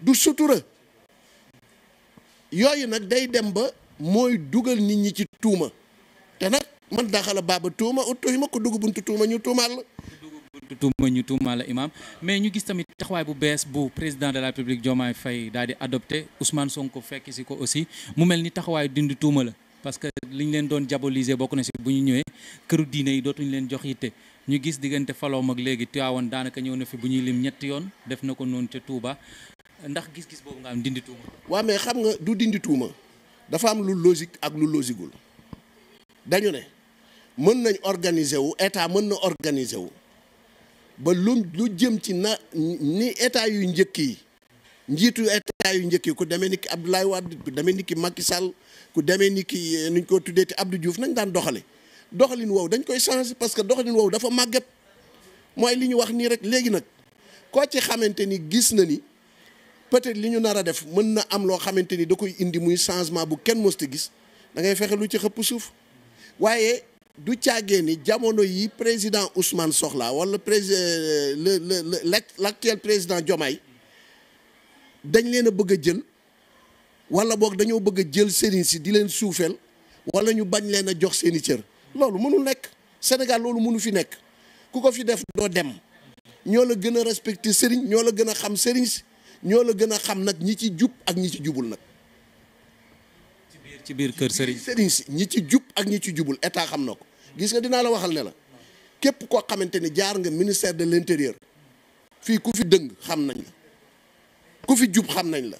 du sutura yooyu nag day dem ba mooy dugal nit ñi ci tuuma te nag man daxala baaba tuuma utuhima ko dugg buntu tuuma ñu tuumaal la. tuuma ñu tuuma la imam mais ñu gis tamit taxawaay bu bees bu président de la république Diomaye fay daal di adopté Ousmane Sonko fekk si ko aussi mu mel ni taxawaay dindi tuuma la parce que liñ leen doon diaboliser bokk na si bu ñu ñëwee këru diine yi dootuñ leen jox yitte ñu gis diggante faloom ak léegi Tiwaawan daanaka ñëw na fi bu ñuy lim ñetti yoon def na ko noonu ca Touba ndax gis-gis boobu nga am dindi tuuma. waaw mais xam nga du dindituuma dafa am lu logique ak lu logiqueul dañu ne mën nañ organiser wu état mën na organiser wu ba lu lu jëm ci na ni état yu njëkk yi njiitu état yu njëkk yi ku demee ni ki Abdoulaye Wade ku demee ni ki Macky Sall ku demee ni ki eh, nuñ ko tuddee ti Abdou Diouf nañ daan doxale doxalin woowu dañ koy changer parce que doxalin woowu dafa màgget mooy li ñu wax nii rek léegi nag koo ci xamante ni gis na ni. peut-être li ñu nar a def mën na am loo xamante ni da koy indi muy changement bu kenn mës ta gis da ngay fexe lu ci xëpp suuf waaye du càggee ni jamono yi président Ousmane soxla wala président euh, le le l'actuel président Diomaye dañ leen a bëgg a jël wala boog dañoo bëgg jël sëriñ si di leen suufeel wala ñu bañ leen a jox seeni cër loolu mënul nekk Sénégal loolu mënu fi nekk ku ko fi def doo dem ñoo la gën a respecté sëriñ ñoo la gën a xam sëriñ si ñoo la gën a xam nag ñi ci jub ak ñi ci jubul nag. ci biir ci biir kër ñi ci jub ak ñi ci jubul état xam na ko gis nga dinaa la waxal ne la képp koo xamante ni jaar nga ministère de l'intérieur fii ku fi dëng xam nañ la ku fi jub xam nañ la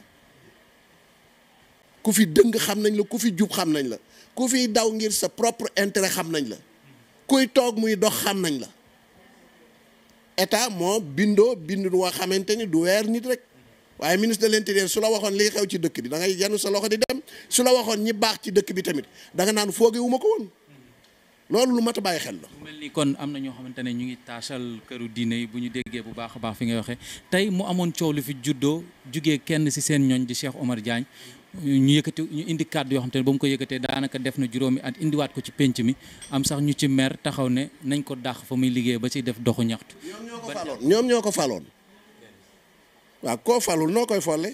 ku fi dëng xam nañ la ku fi jub xam nañ la ku fiy daw ngir sa propre intérêt xam nañ la kuy toog muy dox xam nañ la état moo bindoo bind waa xamante ni du weer nit rek waaye ministre de l'intérieur su la waxoon liy xew ci dëkk bi da ngay yanu sa loxo di dem su la waxoon ñi baax ci dëkk bi tamit da nga naan fooge wu ma ko woon loolu lu mat bàyyi xel la. mu mel ni kon am na ñoo xamante ne ñu ngi taasal këru diine yi bu ñu déggee bu baax a baax fi ngay waxee tey mu amoon coow lu fi juddoo jógee kenn ci seen ñooñ di Cheikh Omar Diagne ñu yëkkati ñu indi kàddu yoo xam te ne ko yëkkatee daanaka def na juróomi at indiwaat ko ci penc mi am sax ñu ci mer taxaw ne nañ ko dàq fa muy liggéey ba ci def doxu ñaxtu. ñoom ñoo ko ko faloon waaw koo falul noo koy folle.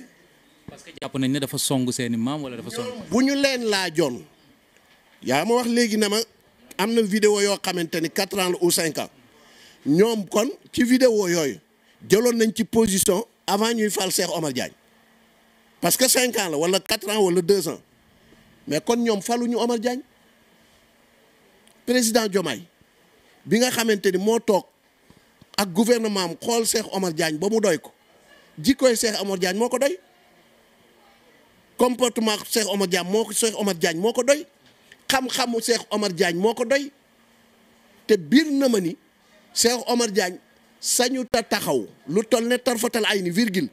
parce que jàpp nañ ne dafa song seeni maam wala dafa song. bu ñu leen laa laajoon yaa ma wax léegi na ma am na video yoo xamante ni quatre ans ou cinq ans ñoom kon ci video yooyu jëloon nañ ci position avant ñuy fal Cheikh Omar Diagne parce que cinq ans la wala quatre ans wala deux ans mais kon ñoom faluñu Omar Diagne président Diomaye bi nga xamante ni moo toog ak gouvernement am xool Cheikh Omar jaañ ba mu doy ko. jikkooy Cheikh Omar jaañ moo ko doy comportement Cheikh Omar Diagne moo ko moo ko doy xam-xamu Cheikh Omar Diagne moo ko doy te biir na ma ni Cheikh Omar Diagne sañu ta taxaw lu toll ne tarfatal ay ni virgule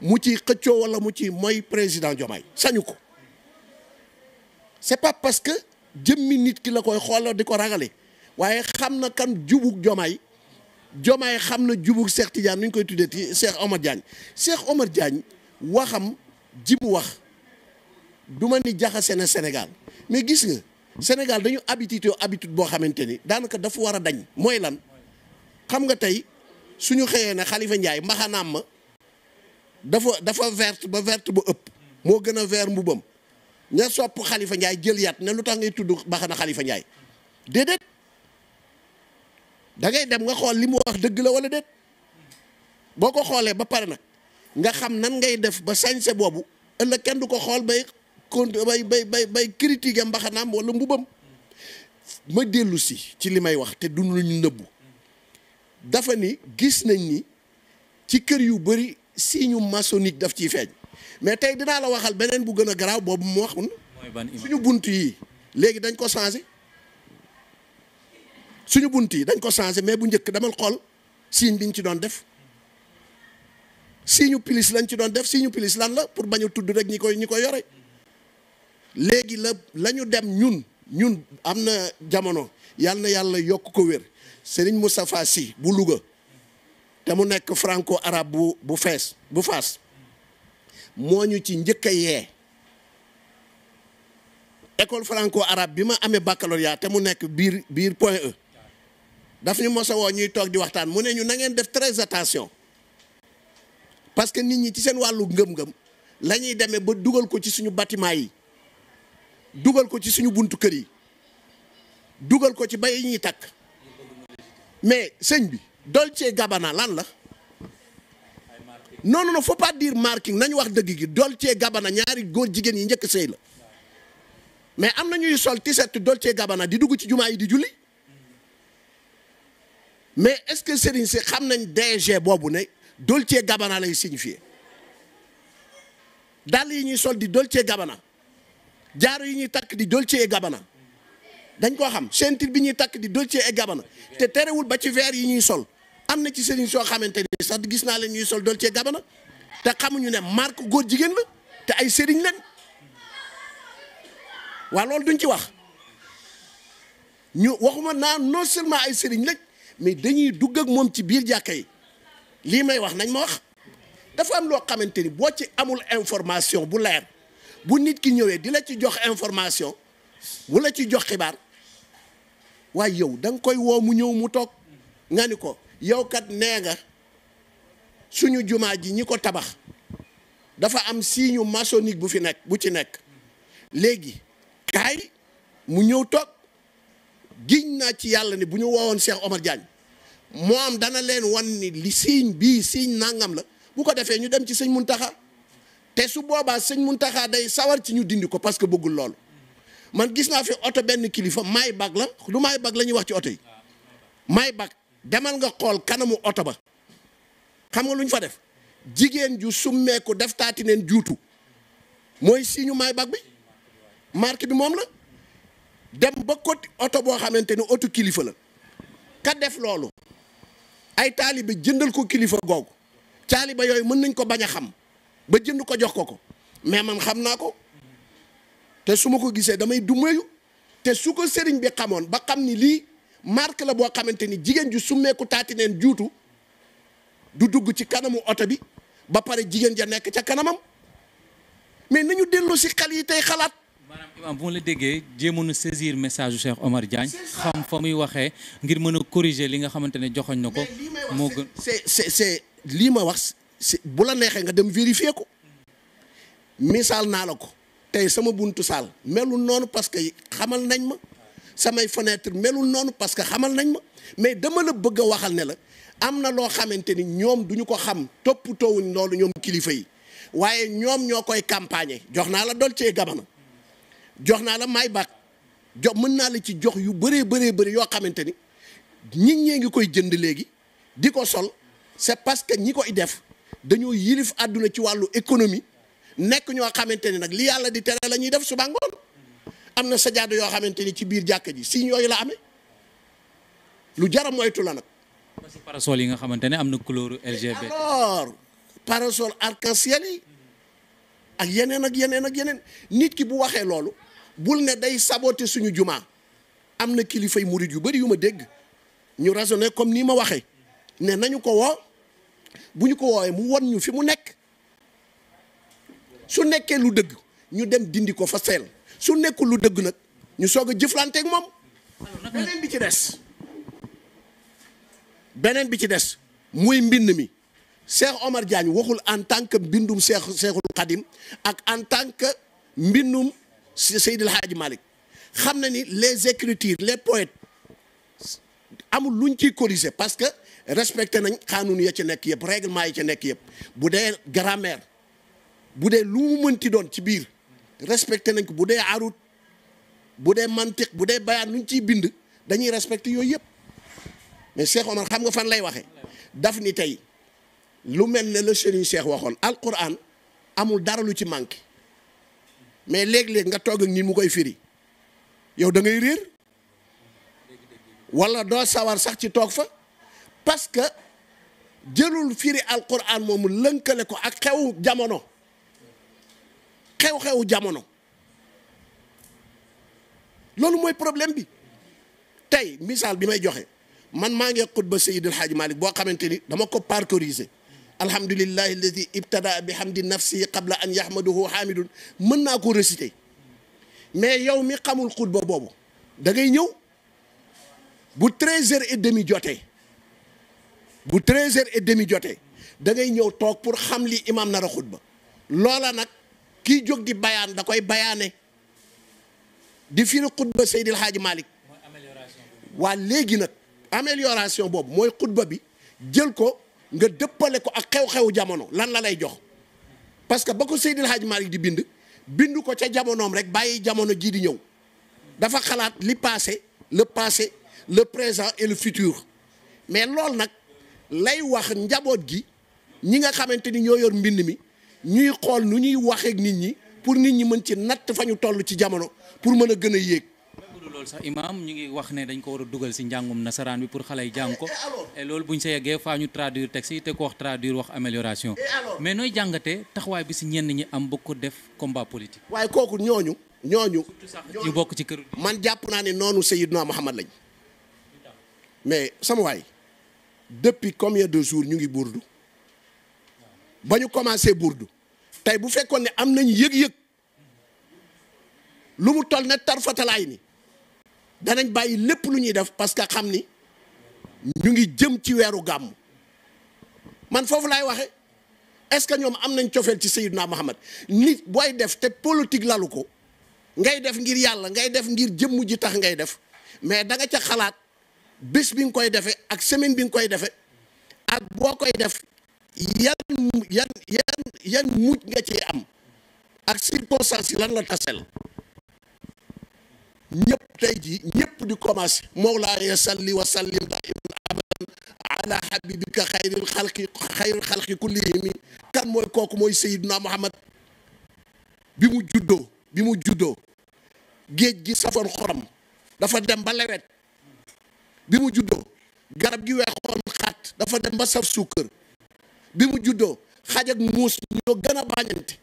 mu ci xëccoo wala mu ci mooy président Diomaye sañu ko c'est pas parce que jëmmi nit ki la koy xoolal di ko ragale waaye xam na kan jubug Diomaye Jomaay xam na jubug Cheikh Tidiane nu ñu koy tuddee ci Cheikh Omar Diagne Cheikh Omar Diagne waxam ji mu wax du ma ni jaxase na Sénégal mais gis nga Sénégal dañu habitude habitude boo xamante ni daanaka dafa war a dañ mooy lan xam nga tey suñu xëyee ne xalifa Ndiaye mbaxanaam ma dafa dafa verte ba verte bu ëpp moo gën a vert mbubam ña sopp xalifa njaay jël yat ne lu tax ngay tudd mbaxana xalifa Ndiaye déedéet da ngay dem nga xool li mu wax dëgg la wala déet boo ko xoolee ba pare nag nga xam nan ngay def ba sañse boobu ëllëg kenn du ko xool bay cont bay bay bay bay critiquer mbaxanaam wala mbubam ma dellu si ci li may wax te dund lu ñu nëbbu dafa ni gis nañ ni ci kër yu bëri signe maçonnique daf ciy feeñ mais tey dinaa la waxal beneen bu gën a garaaw boobu mu waxul suñu bunt yi léegi dañ ko changé suñu bunt yi dañ ko changé mais bu njëkk demal xool signe bi ñu ci doon def signe pilis lañ ci doon def signe pilis lan la pour bañ a tudd rek ñi koy ñi koy yore léegi la la ñu dem ñun ñun am na jamono yàlla na yàlla yokk ko wér Serigne Moustapha Sy bu Louga te mu nekk franco arabe bu bu fees bu faas moo ñu ci njëkk a yee école franco arabe bi ma amee baccalauréat te mu nekk biir biir point E daf ñu mos a woo ñuy toog di waxtaan mu ne ñu na ngeen def très attention parce que nit ñi ci seen wàllu ngëm-ngëm la ñuy demee ba dugal ko ci suñu bâtiment yi dugal ko ci suñu buntu kër yi dugal ko ci bay ñuy takk mais sëñ bi Dolce Gabbana lan la non non faut pas dire marking nañu wax dëgg gi Dolce Gabbana ñaari góor jigéen yi njëkk sey la mais am na ñuy sol t-shirt Dolce Gabbana di dugg ci jumaa yi di julli mais est-ce que Serigne si xam nañ DG boobu dool Dolce gabana lay signifié dàll yi ñuy sol di Dolce Gabbana jaaro yi ñuy takk di dool Dolce gabana dañ koo xam ceinture bi ñuy takk di Dolce et Gabbana te terewul ba ci verre yi ñuy sol am na ci Serigne soo xamante ni sax gis naa leen ñuy sol Dolce Gabbana te xamuñu ne marque góor jigéen la te ay Serigne lañ waa loolu duñ ci wax ñu waxuma naa non seulement ay Serigne lañ. mais dañuy dugg ak moom ci biir jàkka yi lii may wax nañ ma wax dafa am loo xamante ni boo ci amul information bu leer bu nit ki ñëwee di la ci jox information bu la ci jox xibaar waaye yow danga koy woo mu ñëw mu toog nga ni ko yow kat nee nga suñu jumaa ji ñi ko tabax dafa am signe maçonnique bu fi nekk bu ci nekk léegi kaay mu ñëw toog. giñ naa ci yàlla ni bu ñu woowoon Cheikh Omar Diagne moom dana leen wan ni li siiñ bii siiñ nangam la bu ko defee ñu dem ci sëñ Muntaxa te su boobaa sëñ Muntaxa day sawar ci ñu dindi ko parce que bëggul loolu man gis naa fi oto benn kilifa maay bag la lu maay bag la ñuy wax ci oto yi maay bag demal nga xool kanamu oto ba xam nga lu ñu fa def jigéen ju summeeku def taati neen juutu mooy siiñu may bag bi marque bi moom la dem ba côté oto boo xamante ni oto kilifa la ka def loolu ay taaliba jëndal ko kilifa googu taaliba yooyu mën nañ ko bañ a xam ba jënd ko jox ko ko mais man xam naa ko te su ma ko gisee damay dumayu te su ko sëriñ bi xamoon ba xam ni lii marque la boo xamante ni jigéen ju summeeku taati neen juutu du dugg ci kanamu oto bi ba pare jigéen ja nekk ca kanamam mais nañu dellu si xel yi tey xalaat maanaam imaam bu ma la déggee jéemoon a saisir message u Cheikh Omar Diagne xam fa muy waxee ngir mën a li nga xamante ne joxoñ na ko moo gën c'est c'est c'est lii ma wax bu la neexee nga dem vérifier ko misaal naa la ko tey sama buntu saal melul noonu parce que xamal nañ ma samay fenêtre melul noonu parce que xamal nañ ma mais dama la bëgg waxal ne la am na loo xamante ni ñoom duñu ko xam toppatoowuñ loolu ñoom kilifa yi waaye ñoom ñoo koy campagne jox naa la Dolce et Gabbana jox naa la may baax jox mën naa la ci jox yu bëree bëree bëri yoo xamante ni ñi ñee ngi koy jënd léegi di ko sol c'est parce que ñi koy def dañoo yilif àdduna ci wàllu économie nekk ñoo xamante ni nag li yàlla di tere la ñuy def suba ngoon am na sa sajaada yoo xamante ni ci biir jàkka ji si yooyu la amee lu jar a moytu la nag. parce que parasol yi nga xamante ne am na couleur LGBT. alors parasol arc yi ak yeneen ak yeneen ak yeneen nit ki bu waxee loolu. bul ne day saboter suñu jumaa am na kilifay murit yu bari yu ma dégg ñu raisonné comme nii ma waxe ne nañu ko woo bu ñu ko woowee mu won ñu fi mu nekk su nekkee lu dëgg ñu dem dindi ko fa seel su nekkul lu dëgg nag ñu soog a jëflanteeg moom. beneen bi ci des beneen bi ci des muy mbind mi Cheikh Omar Diagne waxul en tant que mbindum Cheikh Cheikhul ak en tant que mbindum. Seydi El Hadji Malick xam na ni les écritures les poètes amul luñ ciy corriger parce que respecté nañ xaanun ya ci nekk yëpp règlement yi ci nekk yëpp bu dee grammaire bu dee lu mu mënti doon ci biir respecté nañ ko bu dee arut bu dee mantiq bu dee bayaan luñ ciy bind dañuy respecté yooyu yëpp mais Cheikh Omar xam nga fan lay waxee daf ni tey lu mel ne la Serigne Cheikh waxoon alquran amul dara lu ci manqué mais léeg-léeg nga toog ak nit mu koy firi yow dangay ngay réer wala doo sawar sax ci toog fa parce que jëlul firi alquran moomu lënkale ko ak xewu jamono xew xew jamono loolu mooy problème bi tey misaal bi may joxe man maa ngee ngi xutba Seydil Hadji Malick boo xamante ni dama ko parcourir alhamdulillahi alladi ibtada bi hamdi nafsi qabla an yahmaduhu hamidun mën naa ko résité mais yow mi xamul xutba boobu da ngay ñëw bu treize heures et demi jotee bu treize heures et demi jotee da ngay ñëw toog pour xam li imam nar a xutba loola nag kiy jóg di bayaan da koy bayaane di firi xutba Seydil Hadji Malick waa léegi nag amélioration boobu mooy xutba bi jël ko nga dëppale ko ak xew xew jamono lan la lay jox parce que ba ko Seydil Hadj Malick di bind bind ko ca jamonoom rek bàyyi jamono jii di ñëw dafa xalaat li passé le passé le présent et le futur mais loolu nag lay wax njaboot gi ñi nga xamante ni ñoo yor mbind mi ñuy xool nu ñuy waxeek nit ñi pour nit ñi mën ci natt fa ñu toll ci jamono pour mën a gën a yéeg sax imaam ñu ngi wax ne dañ ko war a dugal si njàngum nasaraan bi pour xale yi jàng ko et loolu ñu sa yeggee faa ñu traduire texte yi te ko wax traduire wax amélioration mais nooy jàngatee taxawaay bi si ñenn ñi am bëgg ko def combat politique waaye kooku ñooñu ñooñu ñu bokk ci kër man jàpp naa ne noonu Seydina Muhammad lañ mais sama waay depuis combien de jours ñu ngi burdu ba ñu buur du tey bu fekkoon ne am nañu yëg-yëg lu mu toll tarfatalaay ni danañ bàyyi lépp lu ñuy def parce que xam ni ñu ngi jëm ci weeru gàmm man foofu lay waxe est-ce que ñoom am nañ cofeel ci Seydina Muhammad nit booy def te politique lalu ko ngay def ngir yàlla ngay def ngir jëmm ji tax ngay def mais da nga ca xalaat bés bi nga koy defee ak semaine bi nga koy defe ak boo koy def yan yan yan yan mujj nga ci am ak circonstance yi lan la tasel ñépp tey ji ñépp di commencé mawlaaya salli wa sallim daiman abadan ala habibika xayril xalqi xayril xalqi kullihimi kan mooy kooku mooy sayiduna muhammad bi mu juddoo bi mu juddoo géej gi safoon xorom dafa dem ba lewet bi mu juddoo garab gi weexoon xaat dafa dem ba saf suukar bi mu juddoo xaj ak muus ñoo gën a bañante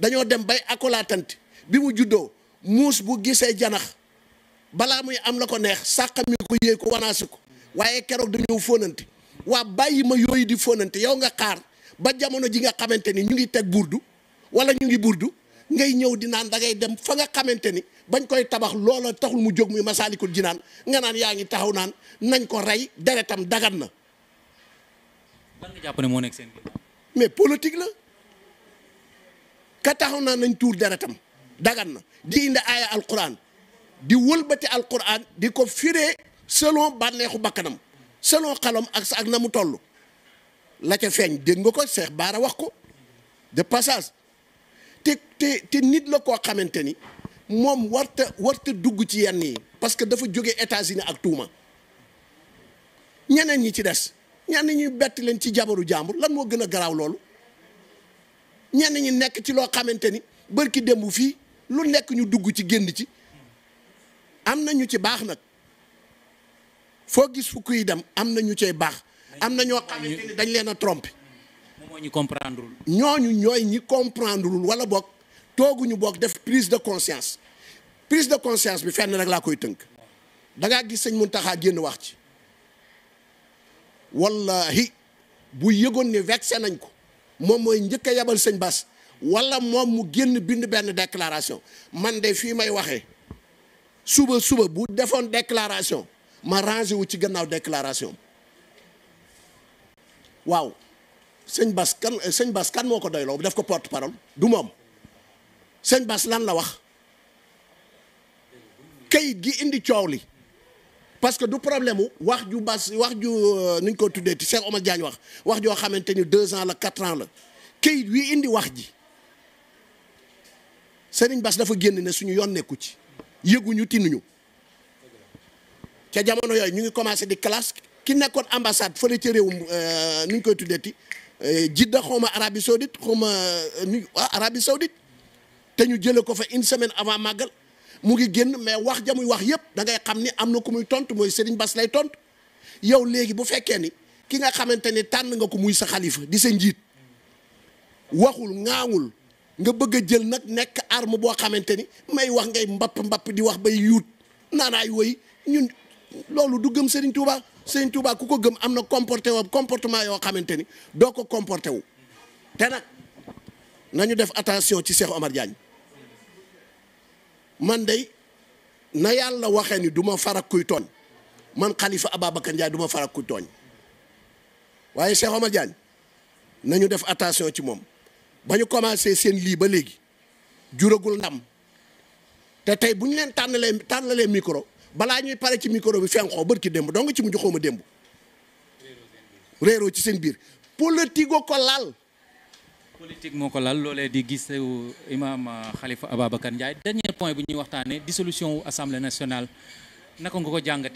dañoo dem bay akolaatante bi mu juddoo muus bu gisee janax balaa muy am la ko neex sàqami ko yéey ko wanaasi ko waaye keroog dañoo fóonante waa bàyyi ma yooyu di fóonante yow nga xaar ba jamono ji nga xamante ni ñu ngi teg burdu wala ñu ngi burdu ngay ñëw di naan da ngay dem fa nga xamante ni bañ koy tabax loola taxul mu jóg muy masaalikul naan nga naan yaa ngi taxaw naan nañ ko rey deretam dagat na. lan moo nekk seen mais politique la ka taxaw naan nañ tuur deretam. dagan na di indi aaya alquran di wëlbati alquran di ko firee selon bànneexu bakkanam selon xalam ak sa ak na mu toll la ca feeñ dégg nga ko Cheikh Baara wax ko de passage te te nit la koo xamante ni moom warta dugg ci yenn yi parce que dafa jóge États-Unis ak tuuma ñeneen ñi ci des ñenn ñi bett leen ci jabaru jàmbur lan moo gën a garaaw loolu ñenn ñi nekk ci loo xamante ni bërki démb fii lu nekk ñu dugg ci génn ci am na ñu ci baax nag foo gis fu kuy dem am na ñu cay baax am na ñoo xamante dañ leen a trompé ñooñu comprendrewul ñooñu ñooy ñi comprendrewul wala boog tooguñu boog def prise de conscience prise de conscience bi fenn rek laa koy tënk dangaa ngaa gis sëñ Muntaxa génn wax ci wallahi bu yëgoon ni vexé nañ ko moom mooy njëkk a yabal sëñ Bass wala moom mu génn bind benn declaration man de fii may waxee suba suba bu defoon déclaration ma rangé wu ci gannaaw déclaration waaw sëñ Bas kan sëñ Bas kan moo ko doyloo def ko porte parole du moom sëñ Bas lan la wax kayit gi indi coow li parce que du problème wax ju Bas wax ju euh, nuñ ko tuddee ci Cheikh Omar Diagne wax wax joo xamante ni deux ans la quatre ans la kayit wi indi wax ji Serigne Bass dafa génn ne suñu yoon nekku ci yëguñu tinuñu ca jamono yooyu ñu ngi commencé di classe ki nekkoon ambassade fële ca réewum euh, nu ñu koy tuddeeti euh, Jidda xawma Arabie Saoudite xawma euh, ah, Arabie Saoudite te ñu jëlee ko fa une semaine avant màggal mu ngi génn mais wax jamuy wax yëpp da ngay xam ni am na ku muy tontu mooy Serigne Bass lay tontu yow léegi bu fekkee ni ki nga xamante ni tànn nga ko muy sa xalifa di sa njiit waxul ŋaawul nga bëgg a jël nag nekk arme boo xamante ni may wax ngay mbapp mbapp di wax bay yuut naanaay woy ñun loolu du gëm Serigne Touba Serigne Touba ku ko gëm am na comporté wa comportement yoo xamante ni doo ko comporté wu te nag nañu def attention ci Cheikh Omar Diagne man day na yàlla waxee ni du ma farak kuy tooñ man xalifa Ababacar du ma farak kuy tooñ waaye Cheikh Omar Diagne nañu def attention ci moom ba ñu commencé seen lii ba léegi juragul ndam te tey bu ñu leen tànnalee tànnalee micro balaa ñuy pare ci micro bi fenkoo bër ci démb donc ci mujj xaw ma démb. réeroo ci seen biir politique ko laal. politique moo ko laal loolee di gis imaam xalifa Ababacar Ndiaye dernier point bu ñuy waxtaanee dissolution wu assemblée nationale naka nga ko jàngate